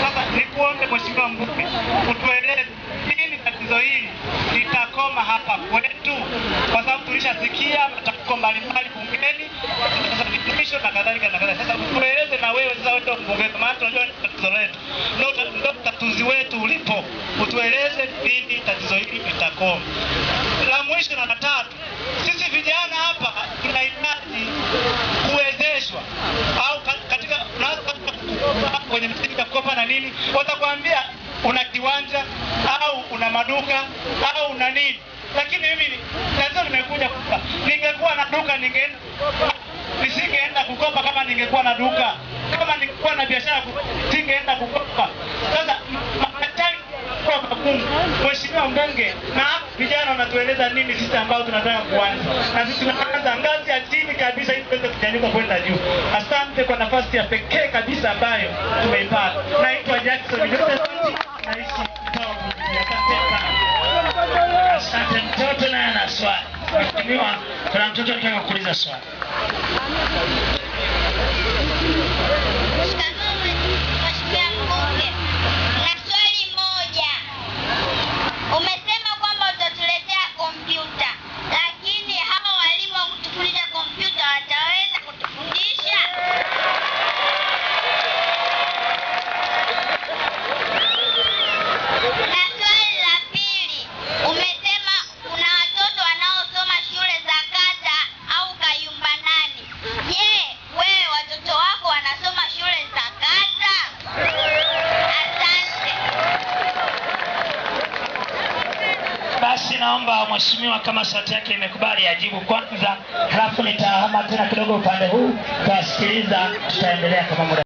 Sasa nikuombe Mheshimiwa Mbunge utueleze lini tatizo hili litakoma hapa kwetu, kwa sababu tulishasikia matamko mbalimbali bungeni vitisho na kadhalika na kadhalika. Sasa utueleze na wewe sasa, wewe mbunge, maana tunajua tatizo letu ndio utatuzi wetu ulipo, utueleze lini tatizo hili litakoma. La mwisho na la tatu, sisi vijana hapa una kiwanja au una maduka au una nini, lakini mimi tatizo nimekuja kupa. Ningekuwa na duka ningeenda nisingeenda kukopa. Kama ningekuwa na duka, kama ningekuwa na biashara, singeenda kukopa. Sasa Mheshimiwa mbunge na vijana wanatueleza nini sisi ambao tunataka kuanza, na sisi tunaanza ngazi ya chini kabisa ili tuweze kunyanyuka kwenda juu. Asante kwa nafasi ya pekee kabisa ambayo tumeipata. Naitwa Jackson. biwa, kuna mtoto anataka kuuliza swali. naomba mheshimiwa, kama sauti yake imekubali, ajibu kwanza, halafu nitahama tena kidogo upande huu, tutasikiliza, tutaendelea kama muda